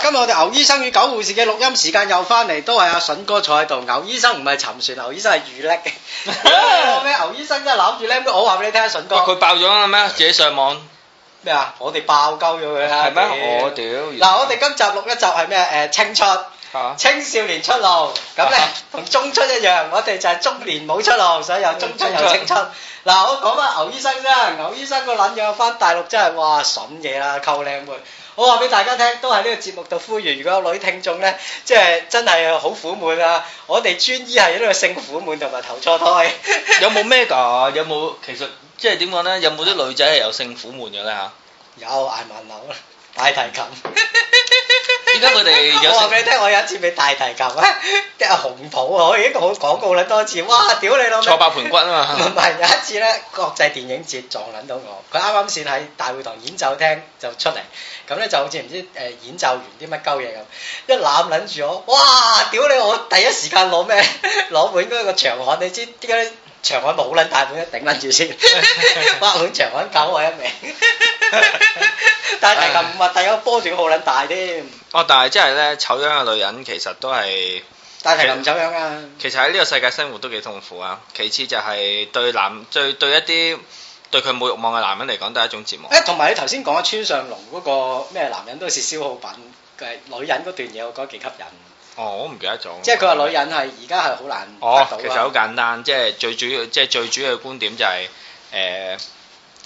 今日我哋牛醫生與狗護士嘅錄音時間又翻嚟，都係阿筍哥坐喺度。牛醫生唔係沉船，牛醫生係魚叻嘅。咩？牛醫生一諗住咧，我話俾你聽，筍哥佢爆咗啦咩？自己上網咩啊？我哋爆鳩咗佢啊！係咩？我屌！嗱，我哋今集錄一集係咩？誒，青春青少年出路。咁咧同中出一樣，我哋就係中年冇出路，所以有中出有青春。嗱，我講翻牛醫生啫，牛醫生個捻樣翻大陸真係哇，筍嘢啦，溝靚妹。我話俾大家聽，都喺呢個節目度呼籲，如果有女聽眾呢，即係真係好苦悶啊！我哋專醫係呢個性苦悶同埋投錯胎， 有冇咩㗎？有冇其實即係點講呢？有冇啲女仔係有性苦悶嘅呢？嚇？有挨萬瘤。大提琴， 點解佢哋有我話俾你聽，我有一次俾大提琴、啊，即 係紅袍、啊、我已經好廣告啦多次。哇！屌你老味！坐八爆盤骨啊嘛！唔係 有一次咧，國際電影節撞撚到我，佢啱啱先喺大會堂演奏廳就出嚟，咁咧就好似唔知誒、呃、演奏完啲乜鳩嘢咁，一攬撚住我，哇！屌你！我第一時間攞咩攞本嗰個場刊，你知點解場刊冇撚大本一頂撚住先，攞本 場刊救我一命。 話題咁核突，第一波仲個號捻大添。哎、哦，但係即係咧，醜樣嘅女人其實都係。但係係咁醜樣啊！其實喺呢個世界生活都幾痛苦啊。其次就係對男，對對一啲對佢冇欲望嘅男人嚟講都係一種折磨。誒、哎，同埋你頭先講嘅村上龍嗰、那個咩男人都是消耗品佢嘅女人嗰段嘢，我覺得幾吸引。哦，我唔記得咗。即係佢話女人係而家係好難、哦。其實好簡單，即係最主要，即係最主要嘅觀點就係、是、誒。呃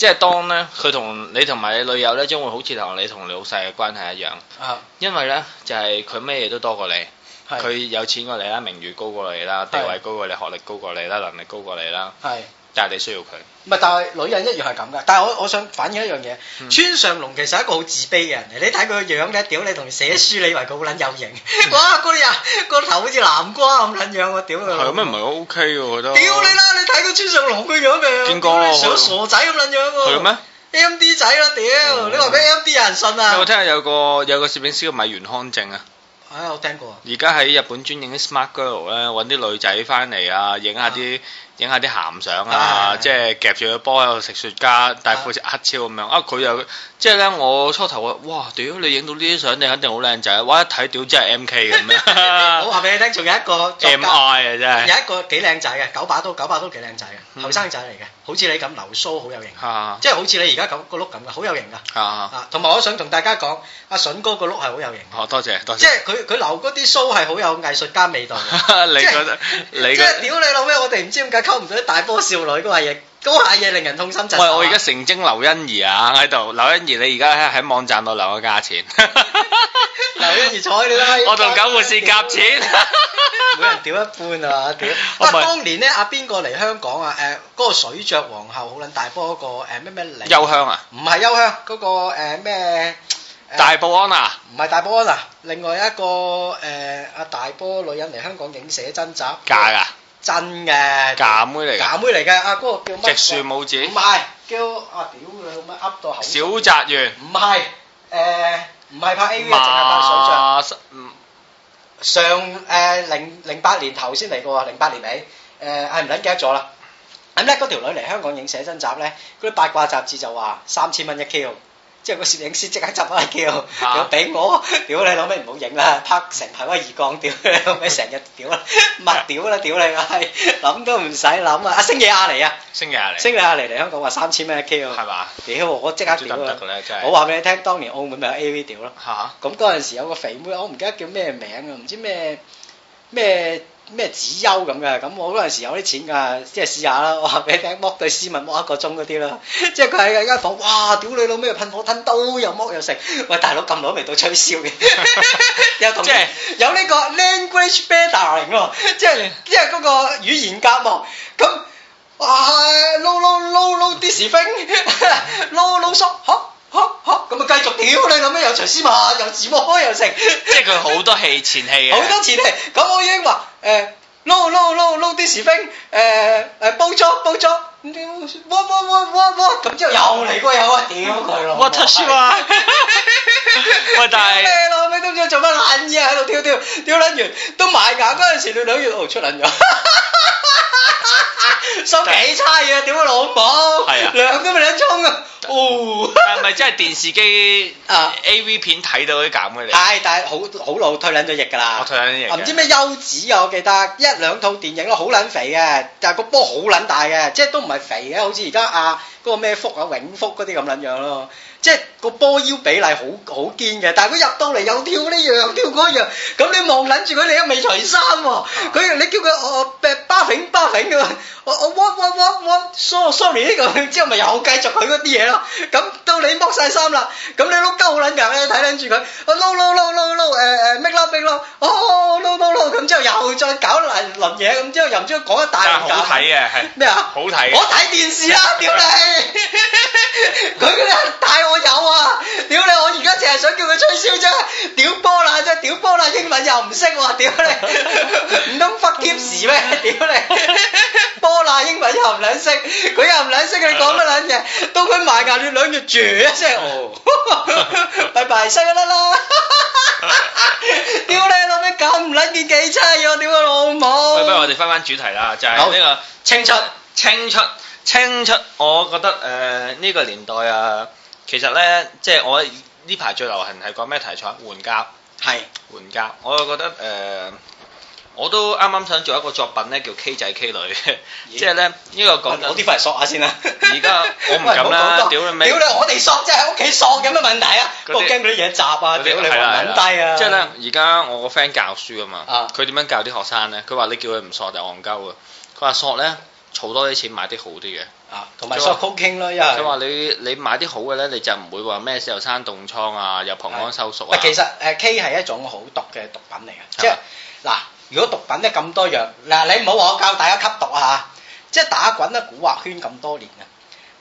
即係當咧，佢同你同埋你女友咧，將會好似同你同你老細嘅關係一樣。啊，因為咧就係佢咩嘢都多過你，佢是的 有錢過你啦，名譽高過你啦，地位高過你，是的 學歷高過你啦，能力高過你啦。係，是的 但係你需要佢。唔係，但係女人一樣係咁嘅。但係我我想反映一樣嘢，村上龍其實係一個好自卑嘅人。你睇佢個樣嘅屌你同寫書，你以為佢好撚有型？哇，嗰日個頭好似南瓜咁撚樣喎，屌佢！係咁咩？唔係，O K 我覺得。屌你啦！你睇佢村上龍個樣咪，想傻仔咁撚樣喎。係咩？M D 仔咯，屌你話俾 M D 人信啊！有冇聽下有個有個攝影師叫米原康正啊？係，我聽過。而家喺日本專影啲 Smart Girl 咧，揾啲女仔翻嚟啊，影下啲。影下啲鹹相啊，即係夾住個波喺度食雪茄，戴副隻黑超咁樣啊！佢又即係咧，我初頭話哇屌你影到呢啲相，你肯定好靚仔哇！一睇屌真係 MK 咁樣。我話俾你聽，仲有一個，仲有個幾靚仔嘅，九把刀，九把刀幾靚仔嘅後生仔嚟嘅，好似你咁留須好有型，即係好似你而家咁個碌咁嘅，好有型㗎。啊啊！同埋我想同大家講，阿筍哥個碌係好有型。哦，多謝，即係佢佢留嗰啲須係好有藝術家味道。你覺得？你覺得？屌你老味，我哋唔知點解。收唔到大波少女嗰下嘢，嗰下嘢令人痛心疾首。喂，我而家成精劉欣怡啊，喺度劉欣怡，你而家喺喺網站度留個價錢。劉欣怡彩你啦！我同九護士夾錢，每人屌一半啊！屌。啊，當年咧阿邊個嚟香港啊？誒，嗰個水着皇后好撚大波嗰個誒咩咩嚟？優香啊？唔係優香，嗰個誒咩？大保安啊？唔係大保安啊？另外一個誒阿大波女人嚟香港影寫真集。假㗎？真嘅假妹嚟，假妹嚟嘅啊！嗰個叫咩？直樹母子唔係，叫啊屌佢咁樣噏到口。小澤圓唔係，誒唔係拍 AV，淨係拍水象。上誒零零八年頭先嚟過，零八年尾誒係唔記得咗啦。咁咧嗰條女嚟香港影寫真集咧，嗰啲八卦雜誌就話三千蚊一 K。即係個攝影師即刻執翻嚟叫，又俾我屌你老味唔好影啦，拍成排威二光屌，咁樣成日屌，勿屌啦屌你，諗都唔使諗啊！阿星野亞希啊，星野亞希，星野亞希嚟香港話三千蚊一 K，係嘛吧？屌、哎、我即刻屌我話俾你聽，當年澳門咪有 A V 屌咯，咁嗰陣時有個肥妹，我唔記得叫咩名啊，唔知咩咩。咩子優咁嘅，咁我嗰陣時有啲錢㗎，即係試下啦，我話俾你聽，剝對絲襪剝一個鐘嗰啲啦，即係佢喺間房，哇！屌你老味，噴火吞刀，又剝又食，喂，大佬咁耐未到吹簫嘅， 又同時是有同即係有呢個 language better 嚟嘅，即係即係嗰個語言隔膜，咁啊撈撈撈撈 dishing，撈撈索嚇嚇嚇，咁啊繼續屌你老味又除絲襪又自摸又，又食，即係佢好多戲前戲嘅，好多前戲，咁我已經話。誒，撈撈撈撈啲士兵，誒、no, 誒、no, no, no, 欸，捕捉捕捉，咁啲汪汪汪汪汪，咁之後又嚟過又一屌佢咯，我睇書啊，喂但係咩咯，你、欸、都唔知佢做乜撚嘢喺度跳跳，跳捻完都埋牙嗰陣時，你兩月都出捻咗。嗯 收幾差嘢，點去攞榜？係啊，涼都未得衝啊！哦，係咪真係電視機、啊、A V 片睇到嗰啲咁嘅嘢？係、 啊， 但係好好老推撚咗翼㗎啦，推撚咗翼。唔、啊、知咩優子啊？我記得一兩套電影咯，好撚肥嘅，但、那、係個波好撚大嘅，即係都唔係肥嘅，好似而家啊嗰個咩福啊永福嗰啲咁撚樣咯，即係。個波腰比例好好堅嘅，但係佢入到嚟又跳呢樣又跳嗰樣，咁你望撚住佢你都未除衫喎，佢你叫佢我我巴巴炳我我挖挖挖挖，so sorry 呢個，之後咪又繼續佢嗰啲嘢咯，咁到你剝晒衫啦，咁你碌鳩撚㗎，你睇撚住佢，我 low low low l make l make low，哦咁之後又再搞一輪嘢，咁之後又唔知講一大輪。好睇嘅，咩啊？好睇。我睇電視啦，屌你！佢嗰你太我有哇！屌你，我而家淨係想叫佢吹簫啫，屌波啦即係，屌波啦，英文又唔識喎，屌你唔通忽添時咩？屌你波啦，英文又唔兩識，佢又唔兩識，佢講乜撚嘢？到佢埋牙亂兩句，住一聲哦，拜拜，識得咯，屌你老味咁撚變幾差嘢，屌佢老母！不如我哋翻返主題啦，就係、是、呢、這個青出青出青出，青出青出青出我覺得誒呢、呃這個年代啊～其實咧，即係我呢排最流行係講咩題材？換甲？係換甲！我又覺得誒、呃，我都啱啱想做一個作品咧，叫 K 仔 K 女，即係咧呢個講，我啲返嚟索下先啦。而 家我唔敢啦，屌你屌你我哋索即係喺屋企索嘅咩問題啊？些我驚佢啲嘢雜啊，屌些你！嚟混低啊。即係咧，而家我個 friend 教書啊嘛，佢點、啊、樣教啲學生咧？佢話你叫佢唔索就戇鳩啊。佢話索咧，儲多啲錢買啲好啲嘅。同埋 soaking 咯，因為佢話你你買啲好嘅咧，你就唔會話咩時候生凍瘡啊，又膀胱收縮啊。其實誒 K 係一種好毒嘅毒品嚟嘅，吧即係嗱，如果毒品咧咁多樣，嗱你唔好話我教大家吸毒啊嚇，即係打滾啊，古惑圈咁多年啊。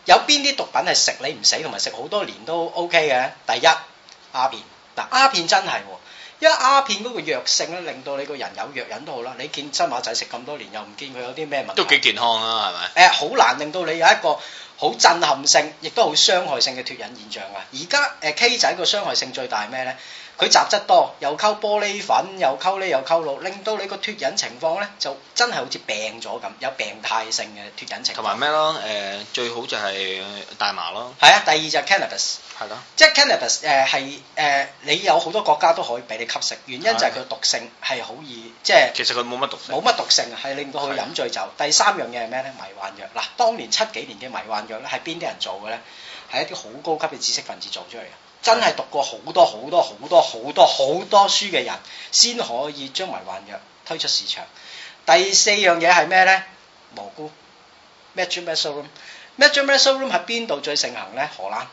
有邊啲毒品係食你唔死同埋食好多年都 OK 嘅？第一鴉片，嗱鴉片真係、哦。因為鴉片嗰個藥性咧，令到你個人有藥癮都好啦。你見新馬仔食咁多年，又唔見佢有啲咩問題，都幾健康啊，係咪？誒、呃，好難令到你有一個好震撼性，亦都好傷害性嘅脫癮現象啊。而家誒 K 仔個傷害性最大係咩咧？佢雜質多，又溝玻璃粉，又溝呢，又溝露，令到你個脱癮情況咧就真係好似病咗咁，有病態性嘅脱癮情況。同埋咩咯？誒、呃，最好就係大麻咯。係啊，第二就係 cannabis。係咯的。即係 cannabis 誒、呃、係誒、呃，你有好多國家都可以俾你吸食，原因就係佢毒性係好易即係。就是、其實佢冇乜毒。冇乜毒性係令到佢飲醉酒。的第三樣嘢係咩咧？迷幻藥嗱，當年七幾年嘅迷幻藥咧，係邊啲人做嘅咧？係一啲好高級嘅知識分子做出嚟嘅。真係讀過好多好多好多好多好多書嘅人，先可以將迷幻藥推出市場。第四樣嘢係咩咧？蘑菇。Magic mushroom。Magic mushroom 係邊度最盛行咧？荷蘭。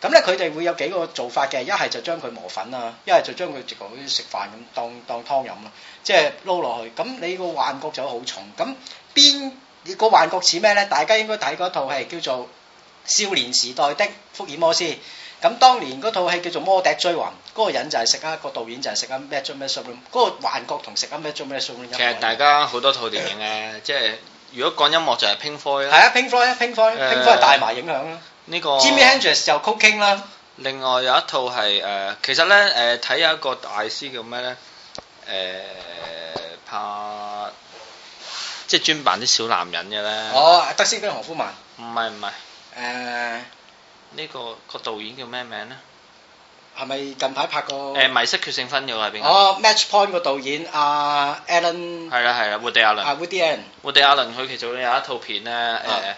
咁咧，佢哋會有幾個做法嘅。一係就將佢磨粉啦，一係就將佢直頭好似食飯咁，當當湯飲啦。即係撈落去。咁你個幻覺就好重。咁邊個幻覺似咩咧？大家應該睇嗰套戲叫做《少年時代的福爾摩斯》。咁當年嗰套戲叫做《魔笛追魂》，嗰、那個人就係食緊一個導演就係食緊咩 magic 咩 mushroom 嗰個幻覺同食緊咩 magic 咩 mushroom，其實大家好多套電影嘅、啊， 即係如果講音樂就係、是、Pink Floyd 係啊，Pink Floyd，Pink Floyd 係大麻影響啦。呢、這個 Jimmy Hendrix 又 Cooking 啦。另外有一套係誒、呃，其實咧誒，睇、呃、有一個大師叫咩咧？誒、呃、拍即係專扮啲小男人嘅咧。哦，德斯汀荷夫曼。唔係唔係誒。呢、這個、這個導演叫咩名咧？係咪近排拍過誒、呃《迷失決勝分》嘅話片？哦，《Match Point》個導演阿 Alan 係啦係啦，活地亞倫。活地亞倫，活地亞倫佢其實咧有一套片咧，誒、呃，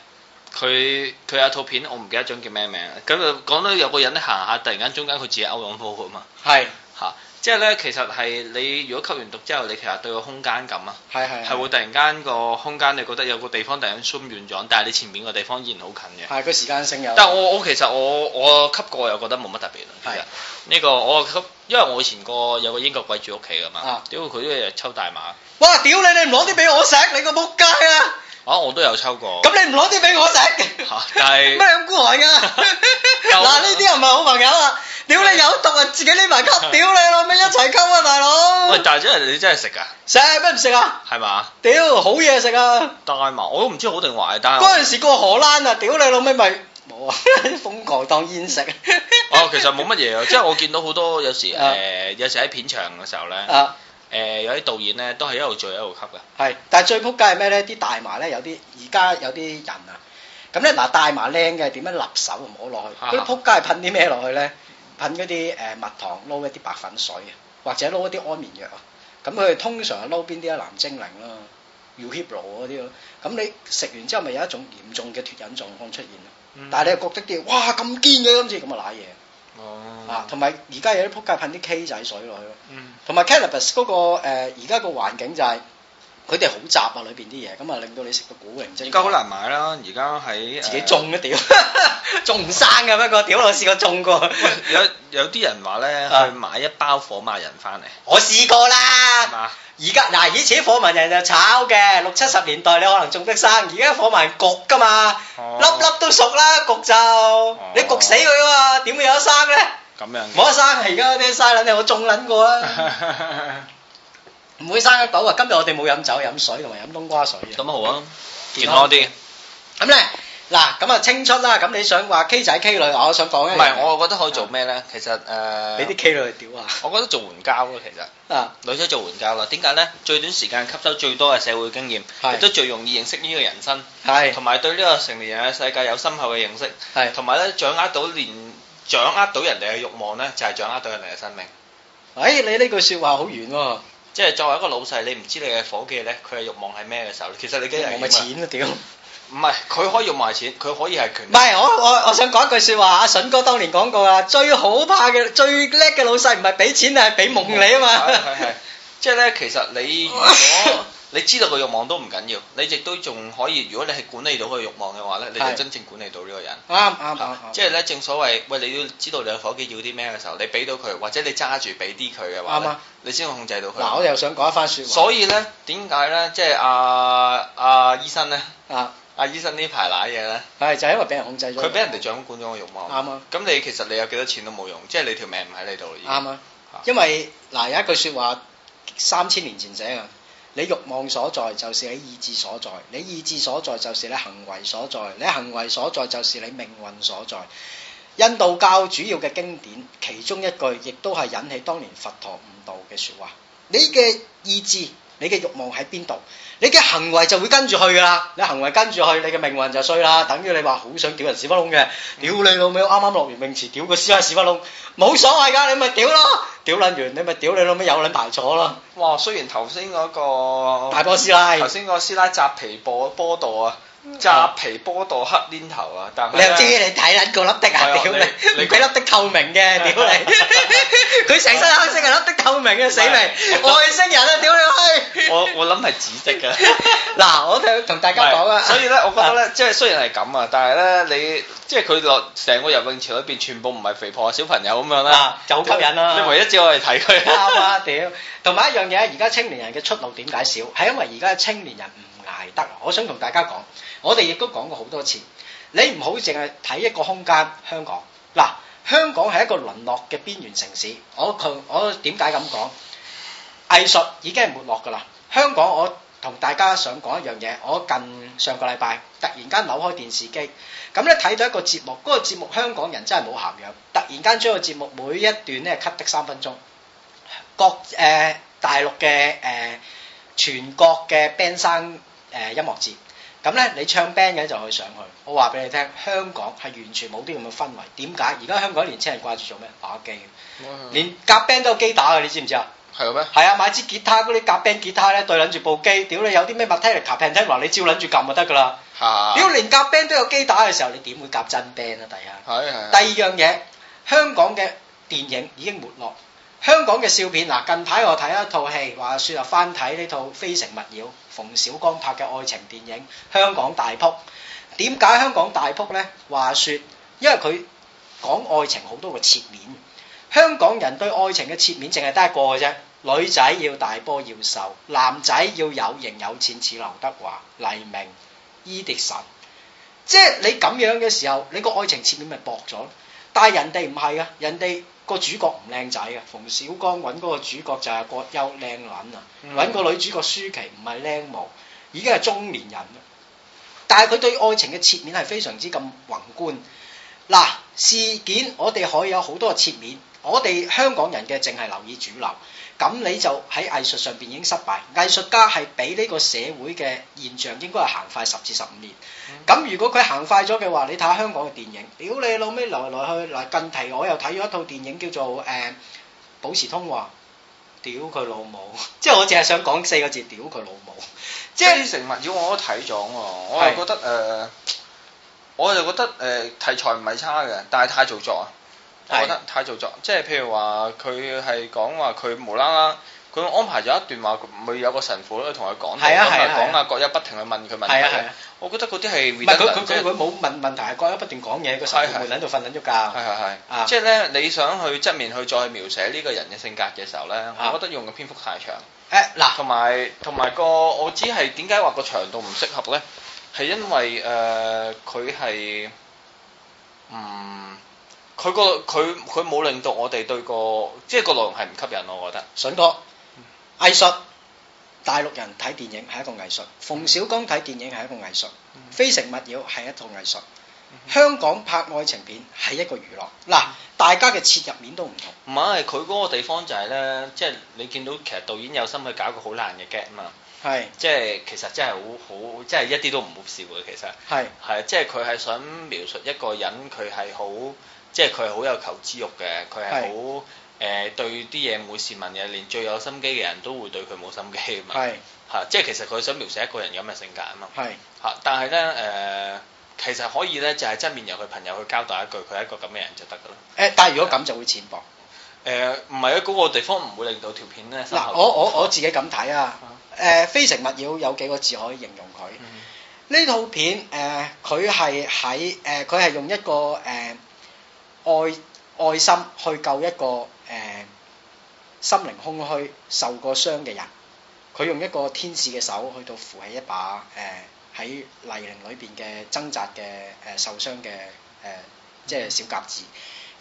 佢佢、uh. 有一套片我唔記得咗叫咩名，咁啊講到有個人咧行下，突然間中間佢自己歐朗波啊嘛。係。嚇！即係咧，其實係你如果吸完毒之後，你其實對個空間感啊，係係，係會突然間個空間你覺得有個地方突然間鬆軟咗，但係你前面個地方依然好近嘅。係個時間性有。但係我我其實我我吸過又覺得冇乜特別咯。係是。呢、這個我吸，因為我以前個有個英國鬼住屋企㗎嘛。屌佢啲日抽大麻。哇！屌你，你唔攞啲俾我食，你個撲街啊！啊！我都有抽過。咁你唔攞啲俾我食？嚇 是！係。咩咁孤寒㗎？嗱， 呢啲又唔係好朋友啊！屌你有毒啊！自己匿埋吸，屌你老味一齊吸啊，大佬！喂，大姐，你真係食啊？食咩唔食啊？係嘛？屌，好嘢食啊！大麻我都唔知好定壞，但係嗰陣時過荷蘭啊，屌你老味咪冇啊！瘋狂當煙食哦，其實冇乜嘢啊，即係我見到好多有時誒，有時喺片場嘅時候咧，誒，有啲導演咧都係一路做一路吸噶。係，但係最仆街係咩咧？啲大麻咧有啲而家有啲人啊，咁咧嗱大麻靚嘅點樣立手摸落去，佢仆街係噴啲咩落去咧？噴嗰啲誒蜜糖，撈一啲白粉水，或者撈一啲安眠藥啊，咁佢哋通常係撈邊啲啊？藍精靈咯 u h i p r o 嗰啲咯，咁你食完之後咪有一種嚴重嘅脱癮狀況出現咯，但係你又覺得啲嘢哇咁堅嘅，今次咁、嗯、啊瀨嘢，啊同埋而家有啲撲街噴啲 K 仔水落去咯，同埋 Cannabis 嗰、那個而家個環境就係、是。佢哋好雜啊，裏邊啲嘢，咁啊令到你食個古靈精怪。而家好難買啦，而家喺自己種啊屌，種唔生嘅，不過，屌我試過種過。有有啲人話呢，去買一包火麻仁翻嚟，我試過啦。而家嗱，以前火麻仁就炒嘅，六七十年代你可能種得生，而家火麻仁焗㗎嘛，粒粒都熟啦，焗就你焗死佢啊嘛，點會有得生呢？咁樣冇得生啊！而家啲嘥卵嘢，我種卵過啊。唔會生得到啊！今日我哋冇飲酒、飲水同埋飲冬瓜水，咁好啊，健康啲。咁咧嗱，咁啊青出啦。咁你想話 K 仔 K 女，我想講咧，唔係我覺得可以做咩咧？其實誒，俾啲 K 女去屌下。我覺得做援交咯，其實。啊！女仔做援交啦，點解咧？最短時間吸收最多嘅社會經驗，亦都最容易認識呢個人生，同埋對呢個成年人嘅世界有深厚嘅認識，同埋咧掌握到連掌握到人哋嘅慾望咧，就係掌握到人哋嘅生命。哎，你呢句説話好遠喎！即係作為一個老細，你唔知你嘅伙計呢，佢嘅欲望係咩嘅時候，其實你嘅慾望係錢都屌，唔係佢可以用埋錢，佢可以係權。唔係我我我想講一句説話，阿筍哥當年講過啊，最可怕嘅最叻嘅老細，唔係俾錢，係俾夢你啊嘛。係係即係呢，其實你我。我我 你知道個慾望都唔緊要，你亦都仲可以，如果你係管理到個慾望嘅話咧，你就真正管理到呢個人。啱啱啱，即係咧，正所謂喂，你要知道你嘅伙計要啲咩嘅時候，你俾到佢，或者你揸住俾啲佢嘅話，你先控制到佢。嗱，我又想講一番說話。所以咧，點解咧，即係阿阿醫生咧，阿阿醫生呢排瀨嘢咧，係就因為俾人控制咗，佢俾人哋掌管咗個慾望。啱啊。咁你其實你有幾多錢都冇用，即係你條命唔喺你度。啱啊，因為嗱有一句說話，三千年前寫㗎。你欲望所在就是你意志所在，你意志所在就是你行為所在，你行為所在就是你命運所在。印度教主要嘅經典其中一句，亦都係引起當年佛陀悟道嘅說話：「你嘅意志。你嘅欲望喺邊度？你嘅行為就會跟住去噶啦！你行為跟住去，你嘅命運就衰啦。等於你話好想屌人屎忽窿嘅，屌、嗯、你老味啱啱落完泳池，屌個師奶屎忽窿，冇所謂噶，你咪屌咯！屌撚完，你咪屌你老味，有撚排坐咯！哇！雖然頭先嗰個大波師奶，頭先個師奶扎皮波波度啊！扎皮波度黑黏頭啊！但係你又知你睇啦，個粒的啊！屌你，佢鬼粒的透明嘅，屌你！佢成身黑色嘅粒的透明嘅死未？外星人啊！屌你閪！我我諗係紫色嘅。嗱，我同同大家講啊。所以咧，我覺得咧，即係雖然係咁啊，但係咧，你即係佢落成個游泳池裏邊，全部唔係肥婆嘅，小朋友咁樣啦，就好吸引啦。你唯一只我哋睇佢啱啊！屌！同埋一樣嘢，而家青年人嘅出路點解少？係因為而家嘅青年人唔捱得。我想同大家講。我哋亦都講過好多次，你唔好淨係睇一個空間香港。嗱，香港係一個淪落嘅邊緣城市。我強，我點解咁講？藝術已經係沒落㗎啦。香港，我同大家想講一樣嘢。我近上個禮拜突然間扭開電視機，咁咧睇到一個節目。嗰、嗰個節目香港人真係冇涵養，突然間將個節目每一段咧 cut 的三分鐘。各誒、呃、大陸嘅誒全國嘅 b a band san 誒音樂節。咁咧，你唱 band 嘅就可以上去。我話俾你聽，香港係完全冇啲咁嘅氛圍。點解？而家香港年輕人掛住做咩？打機嘅。嗯啊、連夾 band 都有機打嘅，你知唔知啊？係咩？係啊，買支吉他嗰啲夾 band 吉他咧，對撚住部機，屌你有啲咩 m a 麥聽嚟？a 屏聽話，你照撚住撳就得噶啦。屌、啊、連夾 band 都有機打嘅時候，你點會夾真 band 啊？第一，啊啊、第二樣嘢，香港嘅電影已經沒落。香港嘅笑片嗱，近排我睇一套戲，話說翻睇呢套《非誠勿擾》，馮小剛拍嘅愛情電影，香港大撲。點解香港大撲咧？話說，因為佢講愛情好多個切面，香港人對愛情嘅切面淨係得一個嘅啫。女仔要大波要瘦，男仔要有型有錢似劉德華、黎明、伊迪神，即係你咁樣嘅時候，你個愛情切面咪薄咗？但係人哋唔係啊，人哋。個主角唔靚仔嘅，馮小剛揾嗰個主角就係葛優靚撚啊，揾、嗯、個女主角舒淇唔係靚模，已經係中年人，但係佢對愛情嘅切面係非常之咁宏觀。嗱，事件我哋可以有好多個切面，我哋香港人嘅淨係留意主流。咁你就喺藝術上邊已經失敗。藝術家係比呢個社會嘅現象應該係行快十至十五年。咁、嗯、如果佢行快咗嘅話，你睇下香港嘅電影，屌你老味來來去嗱，近期，我又睇咗一套電影叫做《誒、嗯、保持通話》，屌佢老母！ 即係我淨係想講四個字：屌佢老母！即 係、就是《成物語》，我都睇咗，我係覺得誒，我就覺得誒是、呃呃、題材唔係差嘅，但係太做作啊！我覺得太做作，即係譬如話佢係講話佢無啦啦，佢安排咗一段話，咪有個神父咧，同佢講，係啊，講啊，郭一不停去問佢問題。我覺得嗰啲係，唔係佢佢佢冇問問題，係郭一不斷講嘢，個神父喺度瞓緊咗覺。係係係，即係咧你想去側面去再描寫呢個人嘅性格嘅時候咧，我覺得用嘅篇幅太長。誒嗱，同埋同埋個我知係點解話個長度唔適合咧？係因為誒佢係，嗯。佢個佢佢冇令到我哋對個即係個內容係唔吸引，我覺得。想講，藝術，大陸人睇電影係一個藝術，馮小剛睇電影係一個藝術，非誠勿擾係一套藝術，嗯、香港拍愛情片係一個娛樂。嗱、嗯，大家嘅切入面都唔同。唔係佢嗰個地方就係咧，即、就、係、是、你見到其實導演有心去搞一個好難嘅 gap 嘛。係是。即係其實真係好好，即係、就是、一啲都唔好笑嘅其實。係是。係，即係佢係想描述一個人，佢係好。即係佢係好有求知慾嘅，佢係好誒對啲嘢每事問嘅，連最有心機嘅人都會對佢冇心機啊嘛。係嚇是、啊，即係其實佢想描寫一個人咁嘅性格啊嘛。係嚇是、啊，但係咧誒，其實可以咧就係側面由佢朋友去交代一句，佢係一個咁嘅人就得㗎啦。誒、呃，但如果咁就會淺薄。誒、呃，唔係啊，嗰、那個地方唔會令到條片咧。嗱，我我我自己咁睇啊，誒、啊呃，非誠勿擾有幾個字可以形容佢？呢、嗯、套片誒，佢係喺誒，佢係用一個誒。愛愛心去救一個誒、呃、心靈空虛、受過傷嘅人，佢用一個天使嘅手去到扶起一把誒喺泥濘裏邊嘅掙扎嘅誒受傷嘅誒即係小鴿子，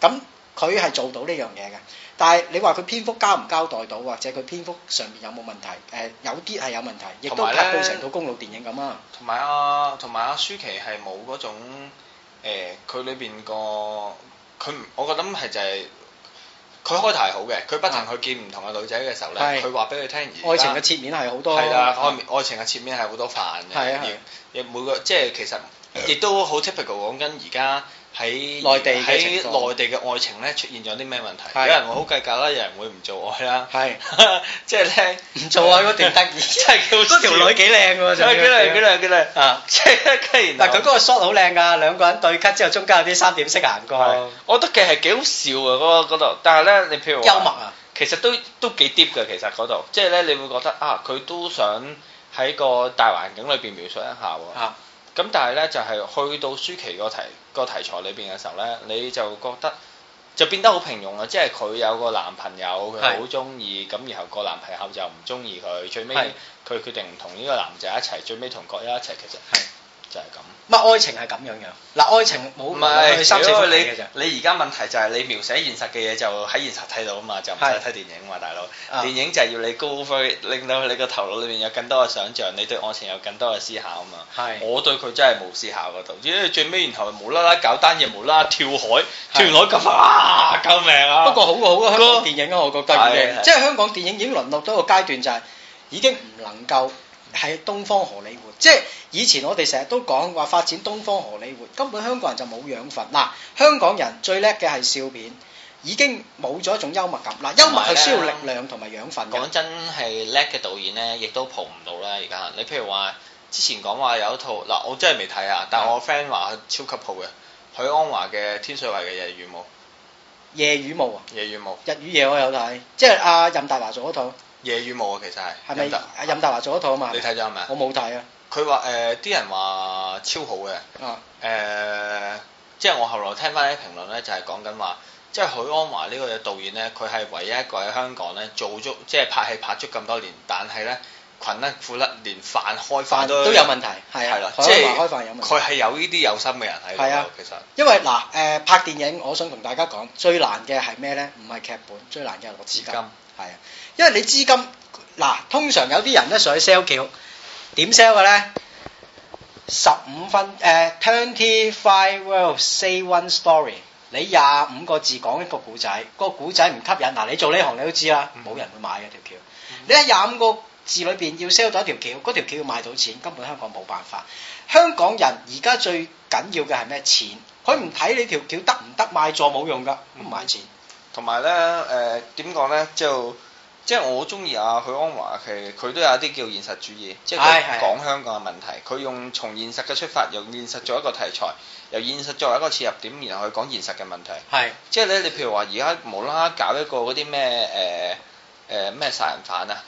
咁佢係做到呢樣嘢嘅。但係你話佢篇幅交唔交代到，或者佢篇幅上面有冇問題？誒，有啲係有問題，亦、呃、都拍到成套公路電影咁啊。同埋啊，同埋阿舒淇係冇嗰種誒，佢、呃、裏邊個。佢唔，我覺得咁係就係、是、佢開頭係好嘅。佢不停去見唔同嘅女仔嘅時候咧，佢話俾佢聽而愛情嘅切面係好多，係啦，愛的愛情嘅切面係好多煩嘅，而每個即係其實亦都好 typical 講緊而家。喺內地喺內地嘅愛情咧出現咗啲咩問題？有人會好計較啦，有人會唔做愛啦，係即係咧唔做愛嗰段得意，真係幾條女幾靚喎！幾靚幾靚幾靚啊！即係居佢嗰個 shot 好靚噶，兩個人對磕之後，中間有啲三點式行過去。我覺得其實係幾好笑嘅嗰度。但係咧，你譬如幽默啊，其實都都幾 deep 嘅，其實嗰度即係咧，你會覺得啊，佢都想喺個大環境裏邊描述一下喎。咁但係咧，就係、是、去到舒淇個題、嗰個題材裏邊嘅時候咧，你就覺得就變得好平庸啦。即係佢有個男朋友，佢好中意，咁是的 然後個男朋友就唔中意佢，最尾佢決定唔同呢個男仔一齊，最尾同郭一一齊其實。是的 就係咁，乜愛情係咁樣樣？嗱，愛情冇唔係，三你你而家問題就係你描寫現實嘅嘢就喺現實睇到啊嘛，就唔使睇電影嘛，大佬。電影就係要你高灰，令到你個頭腦裏面有更多嘅想像，你對愛情有更多嘅思考啊嘛。係，我對佢真係冇思考嗰度，導致咧最尾，然後無啦啦搞單嘢，無啦啦跳海，跳海咁，救命啊！不過好過，好過香港電影啊，我覺得，即係香港電影已經淪落到一個階段，就係已經唔能夠。係東方荷里活，即係以前我哋成日都講話發展東方荷里活，根本香港人就冇養分。嗱，香港人最叻嘅係笑片，已經冇咗一種幽默感。嗱，幽默係需要力量同埋養分。講真係叻嘅導演咧，亦都蒲唔到咧。而家你譬如話之前講話有一套嗱，我真係未睇啊，但我 friend 話佢超級好嘅，許鞍華嘅《天水圍嘅夜與霧》。夜與霧啊！夜與霧。雨日與夜我有睇，即係阿、啊、任達華做嗰套。夜與霧啊，其實係。係咪任達華做一套啊嘛？你睇咗係咪？我冇睇啊。佢話誒，啲人話超好嘅。誒、啊呃，即係我後來聽翻啲評論咧，就係講緊話，即係許鞍華呢個嘅導演咧，佢係唯一一個喺香港咧做足，即係拍戲拍足咁多年，但係咧，群得苦得連飯開飯都。飯都有問題，係係啦，即係佢係有呢啲有有心嘅人喺度。係啊，其實。因為嗱，誒、呃呃，拍電影，我想同大家講，最難嘅係咩咧？唔係劇本，最難嘅係落資金。係啊，因為你資金嗱，通常有啲人咧上去 sell 橋，點 sell 嘅咧？十五分誒 t、uh, twenty five words say one story。你廿五個字講一個古仔，嗰、這個故仔唔吸引嗱，你做呢行你都知啦，冇人會買一條橋。嗯、你喺廿五個字裏邊要 sell 到一條橋，嗰條橋要賣到錢，根本香港冇辦法。香港人而家最緊要嘅係咩？錢，佢唔睇你條橋得唔得賣座，冇用㗎，唔賣錢。同埋咧，誒點講咧？就即係我中意阿許鞍華，佢佢都有一啲叫現實主義，即佢講香港嘅問題。佢用從現實嘅出發，用現實作一個題材，由現實作為一個切入點，然後去講現實嘅問題。係是是 即係咧，你譬如話而家無啦啦搞一個嗰啲咩誒誒咩殺人犯啊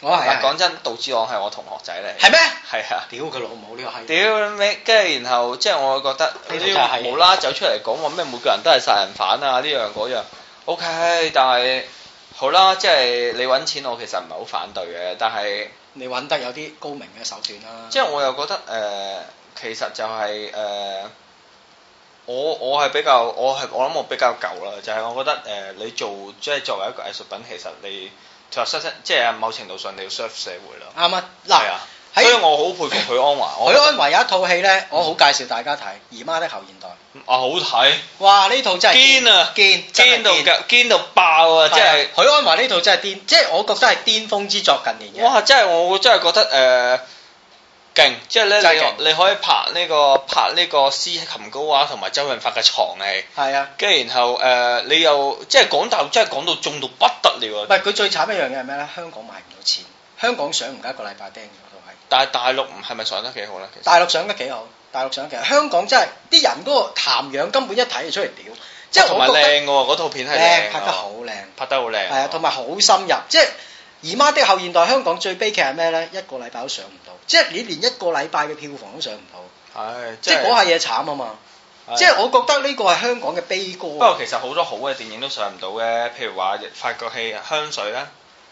嗱，講、哦、真，杜致我係我同學仔嚟，係咩？係是啊屌！屌佢老母呢個係屌你，跟住然後，然後即係我覺得佢啲無啦啦走出嚟講話咩每個人都係殺人犯啊呢樣嗰樣。OK，但係好啦，即係你揾錢，我其實唔係好反對嘅，但係你揾得有啲高明嘅手段啦，啊。即係我又覺得誒、呃，其實就係、是、誒、呃，我我係比較，我係我諗我比較舊啦，就係、是、我覺得誒、呃，你做即係作為一個藝術品，其實你作身身，即係某程度上你要 serve 社會啦。啱啊，嗱，啊。所以我好佩服許鞍華。許鞍華有一套戲咧，我好介紹大家睇《姨媽的後現代》是啊，好睇！哇！呢套真係堅啊，堅堅到勁，堅到爆啊！即係許鞍華呢套真係巔，即係我覺得係巔峰之作，近年嘅。哇！真係我真係覺得誒勁，即係咧，你可以拍呢個拍呢個《斯琴高娃》，同埋周潤發嘅床戲，係啊，跟住然後誒、呃，你又即係講到真係講到中到不得了不。唔係佢最慘一樣嘢係咩咧？香港賣唔到錢，香港上唔得一個禮拜釘。但係大陸唔係咪上得幾好咧？其實大陸上得幾好，大陸上其實香港真係啲人嗰個涵養根本一睇就出嚟屌，即係還有 我覺得同埋靚喎，嗰套、哦、片係靚，拍得好靚，拍得好靚，係啊，同埋好深入。即係《姨媽的後現代香港》最悲劇係咩咧？一個禮拜都上唔到，即係你連一個禮拜嘅票房都上唔到，係、哎、即係嗰下嘢慘啊嘛！的即係我覺得呢個係香港嘅悲歌。不過其實好多好嘅電影都上唔到嘅，譬如話法國戲《香水》啦。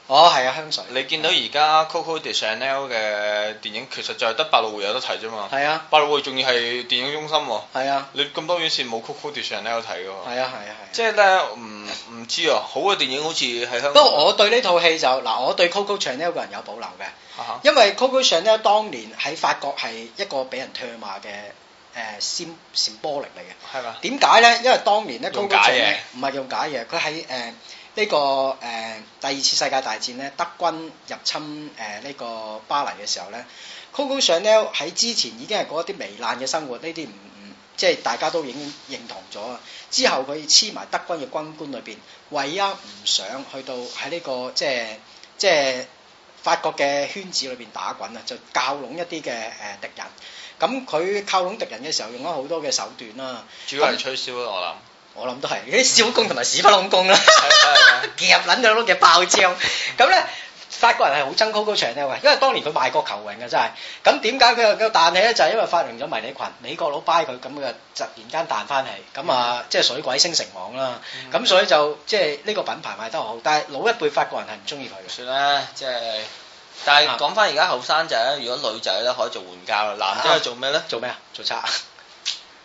哦，係啊，香水。你見到而家 Coco Chanel 嘅電影，其實就係得百老匯有得睇啫嘛。係啊。百老匯仲要係電影中心喎。係啊。你咁多院線冇 Coco Chanel 睇㗎喎。係啊，係啊，係。即係咧，唔唔知啊，好嘅電影好似喺香港。不過我對呢套戲就嗱，我對 Coco Chanel 個人有保留嘅。嚇嚇。因為 Coco Chanel 當年喺法國係一個俾人唾罵嘅誒鮮鮮玻璃嚟嘅。係嘛？點解咧？因為當年咧，用假嘢唔係用假嘢，佢喺誒。呢、這個誒、呃、第二次世界大戰咧，德軍入侵誒呢、呃這個巴黎嘅時候咧，Coco Chanel 咧喺之前已經係過一啲糜爛嘅生活，呢啲唔唔即係大家都已經認同咗啊。之後佢黐埋德軍嘅軍官裏邊，唯一唔想去到喺呢、這個即係即係法國嘅圈子裏邊打滾啊，就教攏一啲嘅誒敵人。咁佢教攏敵人嘅時候，用咗好多嘅手段啦。主要係吹簫咯，那我諗。我諗都係啲小工同埋屎窟窿工啦，夾撚兩碌嘢爆漿。咁咧法國人係好憎 Coco Chanel 咧，因為當年佢賣國求榮嘅真係。咁點解佢又夠彈起咧？就係因為發明咗迷你裙，美國佬 buy 佢，咁佢就突然間彈翻嚟。咁啊，即係水鬼升城隍啦。咁所以就即係呢個品牌賣得好。但係老一輩法國人係唔中意佢嘅算啦。即係，但係講翻而家後生仔咧，如果女仔咧可以做援交啦，男仔做咩咧？做咩啊？做賊。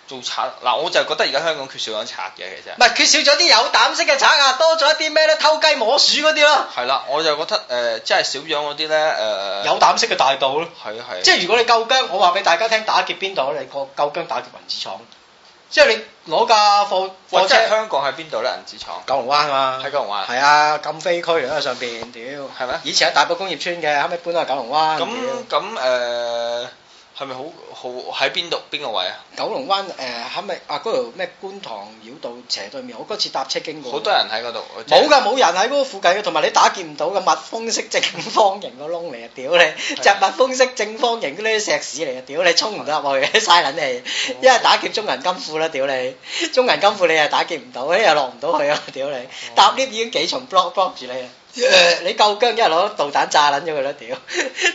做賊嗱，我就係覺得而家香港缺少咗賊嘅，其實唔係缺少咗啲有膽色嘅賊啊，多咗一啲咩咧？偷雞摸鼠嗰啲咯。係啦，我就覺得誒，即係少咗嗰啲咧誒，有膽色嘅、呃呃、大賊咯。係啊係。即係如果你夠姜，我話俾大家聽，打劫邊度？你哋個夠姜打劫銀紙廠。即係你攞架貨貨車，香港喺邊度咧？銀紙廠？九龍灣啊嘛。喺九龍灣。係啊，禁飛區喺上邊，屌係咪？以前喺大埔工業村嘅，後屘搬咗去九龍灣。咁咁誒？那呃係咪好好喺邊度邊個位啊？九龍灣誒，喺、呃、咪啊嗰條咩觀塘繞道斜對面？我嗰次搭車經過，好多人喺嗰度。冇㗎，冇人喺嗰個附近嘅，同埋你打劫唔到嘅，密封式正方形個窿嚟啊！屌你，只是的 密封式正方形嗰啲石屎嚟啊！屌你，衝唔得入去嘅，嘥撚氣！一係打劫中銀金庫啦，屌你！中銀金庫你又打劫唔到，呢又落唔到去啊！屌你，搭 lift、哦、 已經幾重 block block 住你。誒 Yeah, 你夠姜一係攞導彈炸撚咗佢啦屌！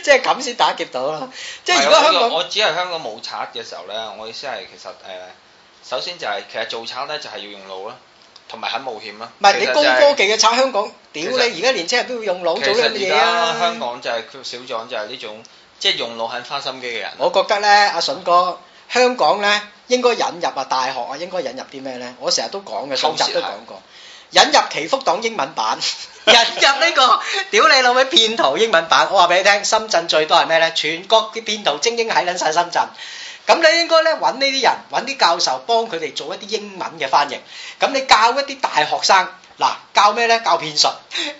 即係咁先打劫到咯，啊、即係是如果香港我只係香港冇賊嘅時候咧，我意思係其實誒、呃，首先就係、是、其實做賊咧就係要用腦啦，同埋很冒險啦。唔係、就是、你高科技嘅賊香港屌你而家年青人都用腦做嘅嘢啊，就是啊！香港就係少咗就係呢種即係用腦肯花心機嘅人。我覺得咧，阿筍哥香港咧應該引入啊大學啊，應該引入啲咩咧？我成日都講嘅，周澤偷偷 都講過。引入祈福黨英文版，引入呢個屌你老味騙徒英文版，我話俾你聽，深圳最多係咩咧？全國啲騙徒精英喺撚晒深圳，咁你應該咧揾呢啲人，揾啲教授幫佢哋做一啲英文嘅翻譯，咁你教一啲大學生，嗱教咩咧？教騙術，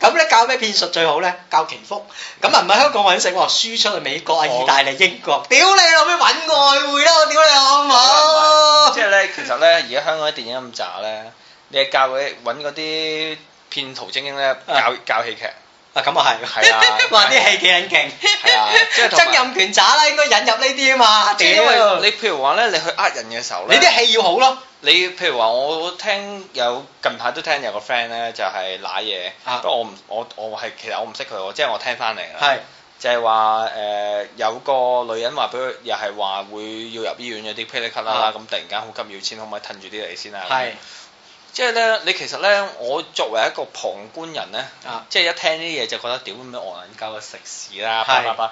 咁咧教咩騙術最好咧？教祈福，咁啊唔係香港揾食，輸出去美國啊、意大利、英國，屌你老味揾外匯啦，我屌你好唔好！即係咧，其實咧，而家香港啲電影咁渣咧。你教佢啲揾嗰啲騙徒精英咧，教教戲劇啊，咁啊，係係啊，話啲戲幾撚勁，係啊，即係曾蔭權渣啦，應該引入呢啲啊嘛，因為你譬如話咧，你去呃人嘅時候咧，你啲戲要好咯。你譬如話我聽有近排都聽有個 friend 咧就係賴嘢，不過我唔我我係其實我唔識佢喎，即係我聽翻嚟啦。係就係話誒有個女人話俾佢，又係話會要入醫院嗰啲 p i l 啦，咁突然間好急要錢，可唔可以吞住啲嚟先啊？即係咧，你其實咧，我作為一個旁觀人咧，啊、即係一聽呢啲嘢就覺得屌咁樣惡人教嘅食肆啦、啊，係咪是？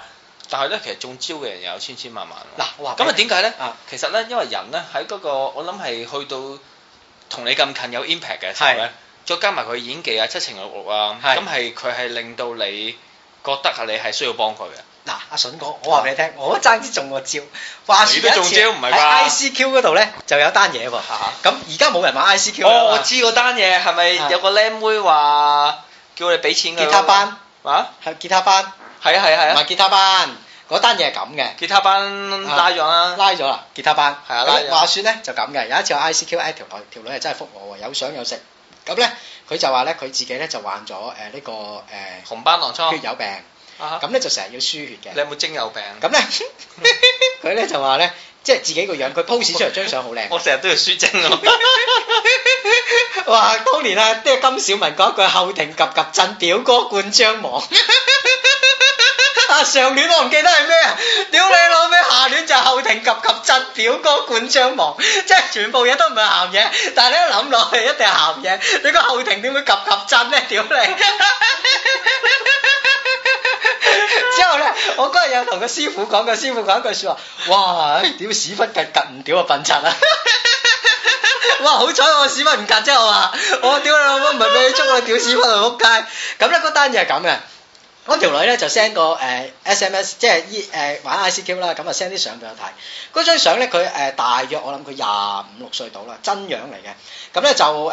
但係咧，其實中招嘅人有千千萬萬。嗱、啊，我話咁啊，點解咧？其實咧，因為人咧喺嗰個，我諗係去到同你咁近有 impact 嘅，時候咧是？再加埋佢演技啊、七情六慾啊，咁係佢係令到你覺得係你係需要幫佢嘅。嗱，阿筍哥，我話俾你聽，我都爭啲中個招。話你都中招唔係啩？喺 ICQ 嗰度咧就有單嘢喎。咁而家冇人玩 ICQ 啦。哦，我知嗰單嘢係咪有個僆妹話叫我哋俾錢嘅？吉他班？哇？係吉他班。係啊係啊係啊。唔係吉他班嗰單嘢係咁嘅。吉他班拉咗啦。拉咗啦，吉他班。係啊，拉咗。話説咧就咁嘅，有一次我 ICQ 一條條女係真係覆我喎，有賞有食。咁咧佢就話咧佢自己咧就患咗誒呢個誒紅斑狼瘡，有病。咁咧就成日要輸血嘅。你有冇精有病？咁咧，佢咧 就話咧，即係自己個樣，佢 pose 出嚟張相好靚。我成日都要輸精咯。 哇！當年啊，即係金小文講一句：後庭及及震，表哥灌腸亡」 啊。啊上聯我唔記得係咩，屌你老味！下聯就後庭及及震，表哥灌腸亡」 急急，亡 即係全部嘢都唔係鹹嘢，但係你一諗落去一定係鹹嘢。你個後庭點會及及震咧？屌你！ 我嗰日有同個師傅講句，師傅講一句説話，哇！屌屎忽趌趌唔屌啊笨柒啊！ 哇！好彩我屎忽唔趌啫嘛，我屌你老母唔係俾你捉我屌屎忽去撲街。咁咧嗰單嘢係咁嘅。嗰條女咧就 send 個誒 SMS，即係依誒玩 ICQ 啦，咁啊 send 啲相俾我睇。嗰張相咧佢誒大約我諗佢廿五六歲到啦，真樣嚟嘅。咁咧就誒話、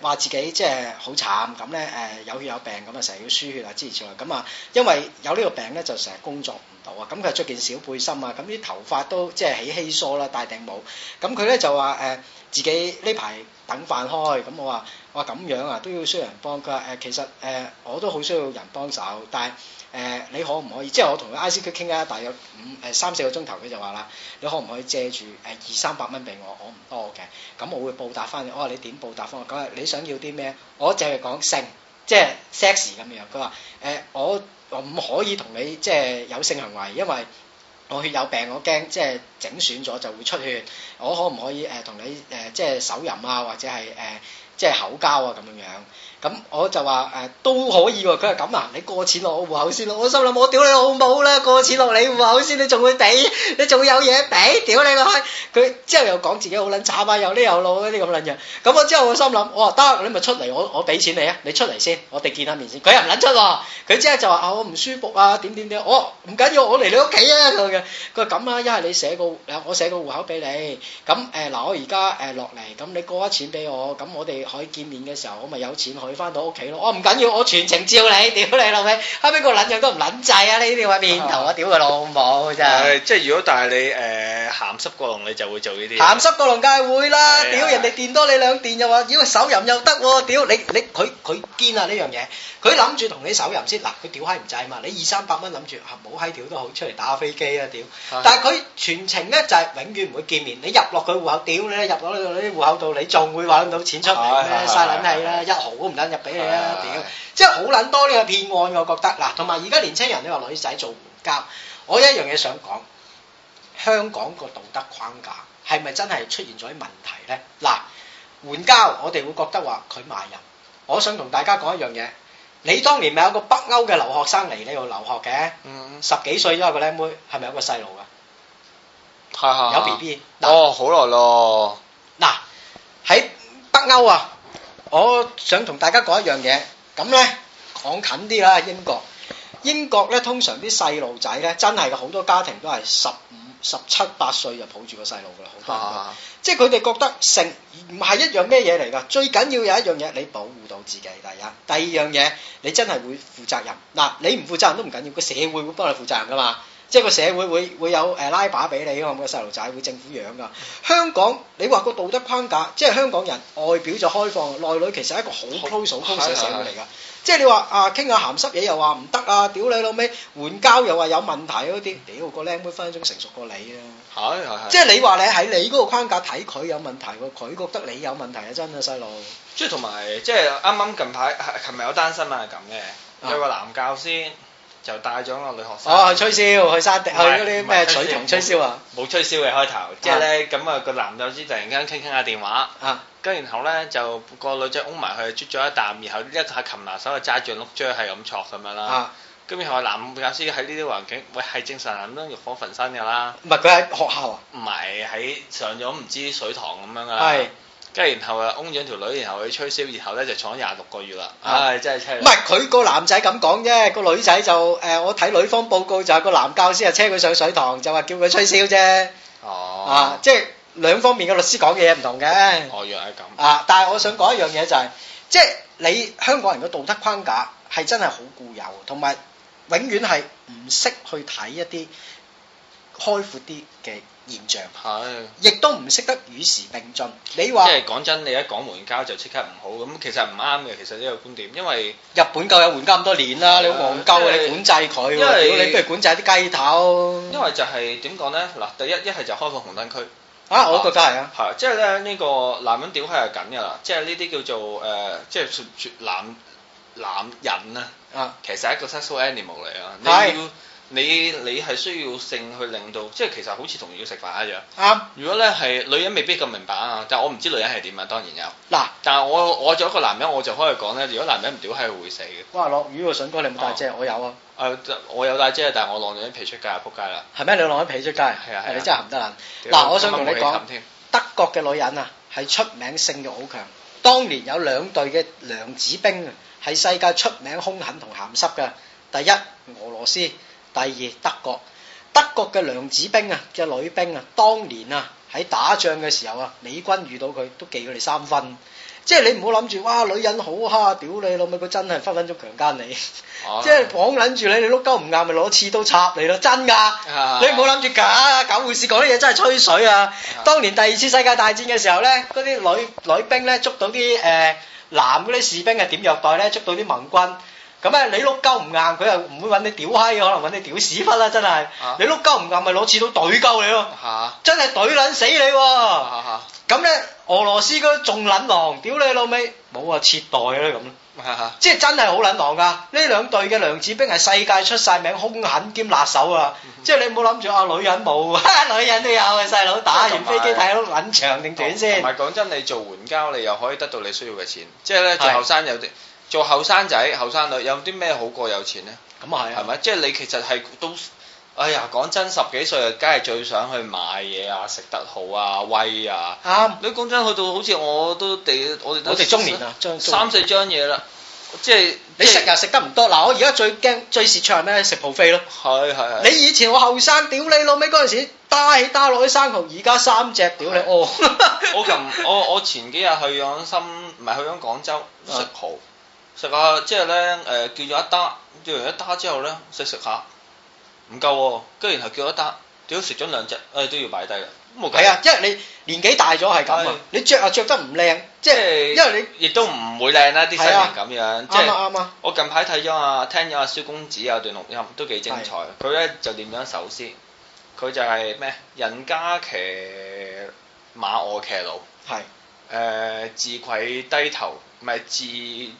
呃、自己即係好慘，咁咧誒有血有病，咁啊成日要輸血啊之、之類之類。咁啊因為有呢個病咧就成日工作唔到啊。咁佢著件小背心啊，咁啲頭髮都即係起稀疏啦，戴頂帽。咁佢咧就話誒、呃、自己呢排。等飯開，咁我話我話，咁樣啊，都要需要人幫。佢話誒，其實誒、呃、我都好需要人幫手，但係誒、呃、你可唔可以即係我同佢 ICQ 傾啊，大約五誒、呃、三四個鐘頭。佢就話啦，你可唔可以借住誒、呃、二三百蚊俾我？我唔多嘅，咁我會報答翻你。我話你點報答翻？咁你想要啲咩？我淨係講性，即係 sex 咁樣。佢話誒，我唔可以同你即係有性行為，因為我血有病，我驚即係。整損咗就會出血，我可唔可以誒同你誒即係手淫啊，或者係誒即係口交啊咁樣樣，咁我就話誒都可以喎，佢話咁啊，你過錢落我戶口先咯，我心諗我屌你老母啦，過錢落你戶口先，你仲會俾，你仲會有嘢俾，屌你個閪，佢之後又講自己好撚慘啊，又呢又老嗰啲咁撚樣，咁我之後我心諗我話得，你咪出嚟，我我俾錢你啊，你出嚟先，我哋見下面先，佢又唔撚出喎，佢之後就話我唔舒服啊點點點，我唔緊要，我嚟你屋企啊咁樣，佢話咁啊，一係你寫個。我寫個戶口俾你，咁誒嗱，我而家誒落嚟，咁你過一錢俾我，咁我哋可以見面嘅時候，我咪有錢可以翻到屋企咯。我唔緊要，我全程照你，屌你老尾，後尾個捻樣都唔捻制啊！呢啲話面頭啊，屌佢老母真係。即係如果但係你誒鹹濕過龍，你就會做呢啲。鹹濕過龍梗係會啦，屌人哋電多你兩電又話，屌手淫又得，屌你你佢佢堅啊呢樣嘢，佢諗住同你手淫先嗱，佢屌閪唔制嘛，你二三百蚊諗住嚇冇閪屌都好，出嚟打下飛機啊屌！但係佢全程。停咧就係、是、永遠唔會見面。你入落佢戶口，屌你！入落呢啲戶口度，你仲會揾到錢出嚟咩？嘥撚氣啦，一毫都唔撚入俾你啦，屌！即係好撚多呢個騙案，我覺得嗱。同埋而家年青人呢，話女仔做援交，我有一樣嘢想講，香港個道德框架係咪真係出現咗啲問題咧？嗱，援交我哋會覺得話佢賣淫。我想同大家講一樣嘢，你當年咪有個北歐嘅留學生嚟呢度留學嘅，嗯，十幾歲都有個僆妹，係咪有個細路㗎？係有 B B 哦，好耐咯。嗱，喺北歐啊，我想同大家講一樣嘢。咁呢，講近啲啦，英國。英國呢，通常啲細路仔呢，真係好多家庭都係十五、十七、八歲就抱住個細路噶啦。好多人喏即係佢哋覺得性唔係一樣咩嘢嚟噶，最緊要有一樣嘢，你保護到自己第一。第二樣嘢，你真係會負責任。嗱，你唔負責任都唔緊要，個社會會幫你負責任噶嘛。一個社會會會有誒拉把俾你，我唔個細路仔會政府養噶。香港你話個道德框架，即係香港人外表就開放，內裏其實係一個好 close 好 close 嘅社會嚟㗎。即係你話啊傾下鹹濕嘢又話唔得啊，屌你老味，援交又話有問題嗰啲，屌個僆妹分分鐘成熟過你啊！係係係。即係你話你喺你嗰個框架睇佢有問題，喎佢覺得你有問題啊！真啊，細路。即係同埋即係啱啱近排琴日有單新聞係咁嘅，嗯、有個男教師。就帶咗個女學生，哦，吹簫，去山，去嗰啲咩水塘吹簫啊！冇吹簫嘅開頭，即係咧咁啊個男教師突然間傾傾下電話，跟然後咧就個女仔拱埋佢啜咗一啖，然後一下擒拿手就揸住碌蕉係咁戳咁樣啦，跟然後男教師喺呢啲環境，喂係正常男都欲火焚身㗎啦！唔係佢喺學校啊？唔係喺上咗唔知水塘咁樣㗎。跟住然後啊，擁咗條女，然後佢吹簫，然後咧就坐廿六個月啦，唉、啊，哎、真係真。唔係佢個男仔咁講啫，個女仔就誒、呃，我睇女方報告就係個男教師啊，車佢上水塘，就話叫佢吹簫啫。哦。啊，即係兩方面嘅律師講嘅嘢唔同嘅。哦，原來係咁。啊，但係我想講一樣嘢就係、是，即係你香港人嘅道德框架係真係好固有，同埋永遠係唔識去睇一啲開闊啲嘅。現象係，亦是的 都唔識得與時並進。你話即係講真，你一講援交就即刻唔好咁，其實唔啱嘅。其實呢個觀點，因為日本夠有援交咁多年啦，嗯、你戇鳩，就是、你管制佢，因為 你不如管制啲雞頭。因為就係點講咧？嗱，第一一係就開放紅燈區啊，我都覺得係啊。係、啊，即係咧呢、呢個男人屌閪係緊㗎啦，即係呢啲叫做誒，即係絕絕男男人啊，其實係一個 sexual animal 嚟啊，你要。的你你係需要性去令到，即係其實好似同要食飯一樣飯。啱對。如果咧係女人未必咁明白啊，但係我唔知女人係點啊，當然有。嗱嘆，但係我我作一個男人，我就可以講咧，如果男人唔屌閪，會死嘅。我話落雨個筍哥，你冇帶遮，哦、我有啊。誒、呃，我有帶遮，但係我晾咗啲皮出街啊。扑街啦。係咩？你晾啲皮出街？係啊係啊。你真係鹹得撚。嗱、啊，我想同你講，剛剛德國嘅女人啊係出名性慾好強。當年有兩隊嘅娘子兵啊，喺世界出名凶狠同鹹濕嘅，第一俄羅斯。第二德國，德國嘅娘子兵啊，嘅女兵啊，當年啊喺打仗嘅時候啊，美軍遇到佢都忌佢哋三分，即係你唔好諗住哇女人好蝦，屌你老母佢真係分分鐘強奸你，啊、即係綁撚住你，你碌鳩唔啱咪攞刺刀插你咯，真㗎、啊，啊、你唔好諗住假，啊，搞護士講啲嘢真係吹水啊！啊當年第二次世界大戰嘅時候咧，嗰啲女女兵咧捉到啲誒、呃、男嗰啲士兵係點虐待咧，捉到啲盟軍。咁咧，你碌鳩唔硬，佢又唔會揾你屌閪，可能揾你屌屎忽啦！真係，啊、你碌鳩唔硬，咪攞刺刀對鳩你咯，啊、真係對撚死你喎！咁咧、啊，俄羅斯嗰仲撚狼，屌你老味！冇啊，切袋啦咁即係真係好撚狼噶。呢兩隊嘅娘子兵係世界出晒名，兇狠兼辣手啊！即係你唔好諗住啊，女人冇，女人都有啊，細佬打完飛機睇到撚長定短先。唔係講真，你做援交，你又可以得到你需要嘅錢，即係咧，最後生有啲。做後生仔後生女有啲咩好過有錢咧？咁、嗯、啊係，係咪？即係你其實係都，哎呀，講真，十幾歲啊，梗係最想去買嘢啊，食得好啊，威啊！啱、嗯，你講真去到好似我都地，我哋我哋中年啊，年三四張嘢啦，即係是你食又食得唔多。嗱，我而家最驚最怯場係咩？食 buffet 咯。係係係。你以前我後生屌你老尾嗰陣時，打起打落啲生蠔，而家三隻屌你餓。我琴我我前幾日去咗深，唔係去咗廣州食好。 食下、啊、即係咧，誒、呃、叫咗一打，叫完一打之後咧，想食下，唔夠、啊，跟住然後叫一打，屌食咗兩隻，誒、哎、都要擺低嘅，咁冇計。係啊，因為、啊、你年紀大咗係咁啊，你着又着得唔靚，即係，因為你亦都唔會靚啦、啊，啲身形咁樣。啱啊啱啊！是啊啊我近排睇咗啊，聽咗阿蕭公子啊段錄音都幾精彩，佢咧是就念咗首詩，佢就係咩？人家騎馬我騎驢，係是，誒是、呃、自愧低頭，唔係自。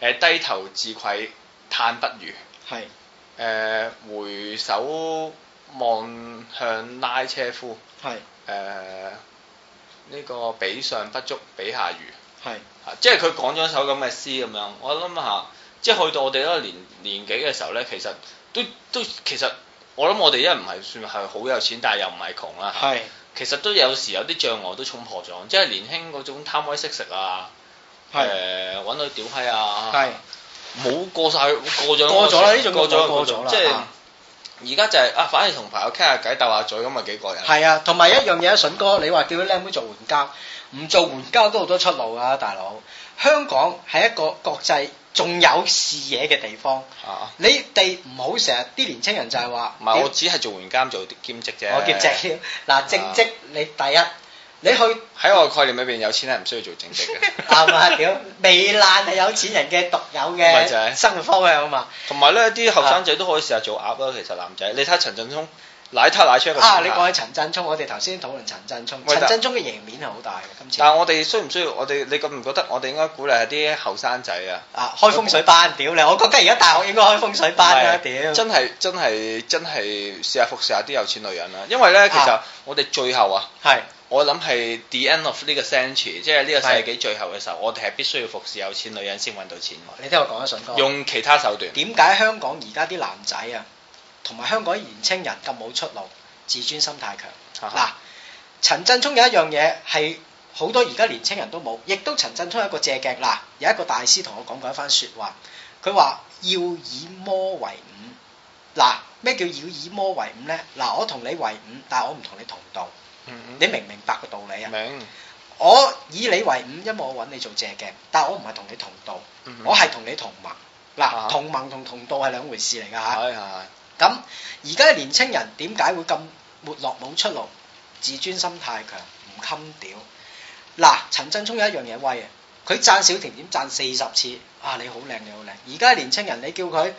低頭自愧嘆不如。係誒是、呃、回首望向拉車夫，係誒，呢個比上不足比下餘，係是、啊、即係佢講咗一首咁嘅詩咁樣詩。我諗下，即係去到我哋嗰年年紀嘅時候呢，其實都都其實我諗我哋一唔係算係好有錢，但係又唔係窮啦，係是其實都有時有啲障礙都衝破咗，即係年輕嗰種貪威識食啊。誒，揾到屌閪啊！係，冇過晒佢，過咗過咗啦，呢種過咗過咗啦，即係而家就係啊，反而同朋友傾下偈、鬥下嘴咁啊，幾過癮。係啊，同埋一樣嘢啊，筍哥，你話叫啲靚妹做援交，唔做援交都好多出路啊大佬。香港係一個國際仲有視野嘅地方，你哋唔好成日啲年青人就係話。唔係，我只係做援交做兼職啫。我兼職，嗱，正職你第一。你去喺我概念裏邊，有錢係唔需要做正職嘅。 啱啊，屌，糜爛係有錢人嘅獨有嘅，生活方向啊嘛。同埋咧，啲後生仔都可以試下做鴨咯。其實男仔，你睇下陳振聰，奶他奶出一個。啊，你講起陳振聰，我哋頭先討論陳振聰，陳振聰嘅贏面係好大嘅。今次，但係我哋需唔需要？我哋你覺唔覺得我哋應該鼓勵下啲後生仔啊？啊，開風水班，屌你公！我覺得而家大學應該開風水班啦，屌是、啊！真係真係真係試下服侍下啲有錢女人啦，因為咧，其實我哋最後啊，係。我諗係 the end of 呢個 century，即係呢個世紀最後嘅時候，是我哋係必須要服侍有錢女人先揾到錢。你聽我講一順啱。用其他手段。點解香港而家啲男仔啊，同埋香港啲年青人咁冇出路、自尊心太強？嗱、 啊，陳振聰有一樣嘢係好多而家年青人都冇，亦都陳振聰有一個借鏡。嗱、啊，有一個大師同我講過一番説話，佢話要以魔為伍。嗱、啊，咩叫要以魔為伍呢？嗱、啊，我同你為伍，但係我唔同你同道。你明唔明白個道理啊？明白，我以你為伍，因為我揾你做借鏡，但我唔係同你同道，嗯、哼我係同你同盟。嗱、嗯，同盟同同道係兩回事嚟噶吓。咁而家嘅年青人點解會咁沒落冇出路？自尊心太強，唔襟屌。嗱、嗯，陳振聰有一樣嘢威啊！佢讚小甜點讚四十次啊！你好靚，你好靚。而家嘅年青人，你叫佢。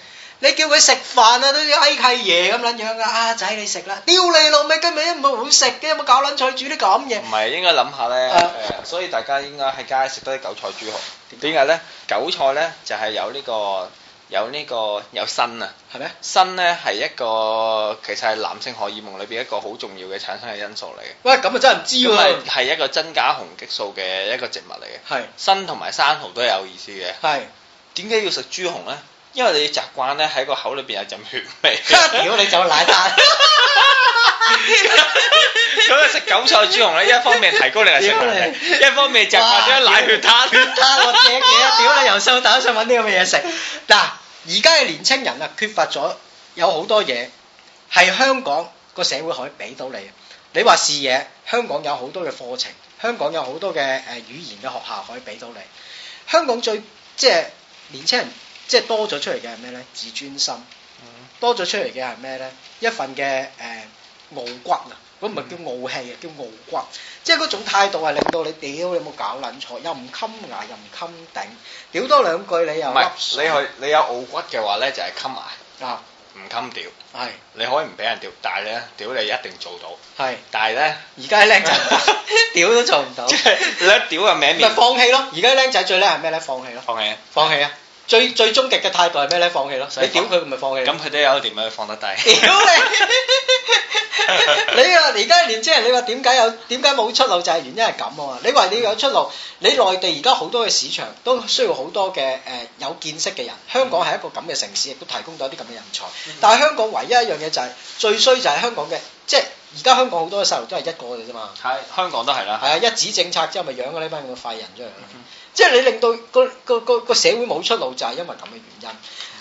你叫佢食飯啊，都要挨契爺咁撚樣噶，阿仔你食啦，屌你老味，根本都唔係好食嘅，有冇搞撚菜煮啲咁嘢？唔係應該諗下咧，所以大家應該喺街市食多啲韭菜豬紅。點解咧？韭菜咧就係有呢個有呢個有鋅啊，係咩？鋅咧係一個其實係男性荷爾蒙裏邊一個好重要嘅產生嘅因素嚟嘅。喂，咁啊真係唔知喎。係一個增加雄激素嘅一個植物嚟嘅。係。鋅同埋生蠔都有意思嘅。係。點解要食豬紅咧？因為你要習慣咧，喺個口裏邊有陣血味哈哈。屌你走奶蛋，咁啊食韭菜豬紅咧，一方面提高你嘅食能力，一方面習慣咗奶血攤。血攤我嘅嘅，屌你又收大家想揾啲咁嘅嘢食。嗱， 而家嘅年青人啊，缺乏咗有好多嘢，係香港個社會可以俾到你。你話視野，香港有好多嘅課程，香港有好多嘅誒語言嘅學校可以俾到你。香港最即係年青人。即係多咗出嚟嘅係咩咧？自尊心，多咗出嚟嘅係咩咧？一份嘅誒傲骨啊，咁唔係叫傲氣啊，叫傲骨。即係嗰種態度係令到你屌你有冇搞撚錯，又唔襟牙又唔襟頂，屌多兩句你又唔係你係你有傲骨嘅話咧就係襟牙啊，唔襟屌係，你可以唔俾人屌，但係咧屌你一定做到係，但係咧而家啲僆仔屌都做唔到，你屌嘅名咪放棄咯，而家僆仔最叻係咩咧？放棄咯，放棄啊，放棄啊。最最終極嘅態度係咩咧？放棄咯，你屌佢，佢咪放棄。咁佢都有點解放得低？屌 你！你話而家年青人，你話點解有點解冇出路就係、是、原因係咁啊！你話你要有出路，你內地而家好多嘅市場都需要好多嘅誒、呃、有見識嘅人，香港係一個咁嘅城市亦都提供到一啲咁嘅人才，但係香港唯一一樣嘢就係、是、最衰就係香港嘅，即係而家香港好多嘅細路都係一個嘅啫嘛。係對對香港都係啦。係啊，一紙政策之後咪養咗呢班咁嘅廢人出嚟。嗯嗯。即係你令到個個個個社會冇出路就爸爸、啊，就係因為咁嘅原因。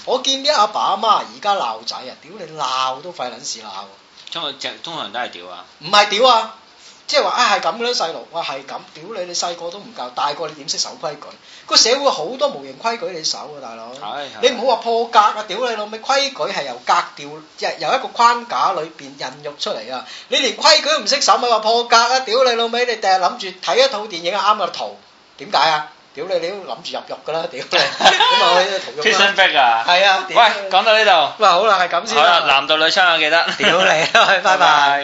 我見啲阿爸阿媽而家鬧仔啊，屌你鬧都費撚事鬧。中國人都係屌啊？唔係屌啊！即係話啊，係咁嘅啦，細路，我係咁。屌你，你細個都唔夠，大個你點識守規矩？個社會好多無形規矩你守嘅，大佬。你唔好話破格啊！屌你老味，規矩係由格調即係由一個框架裏邊孕育出嚟啊！你連規矩都唔識守咪話破格啊！屌你老味，你第日諗住睇一套電影啱個圖，點解啊？屌你入入，你都諗住入肉㗎啦，屌！咁啊去屠肉。T-shirt back 啊。係啊。喂，講到呢度。喂，好啦，係咁先好啦，男盜女娼，我記得。屌你，拜拜。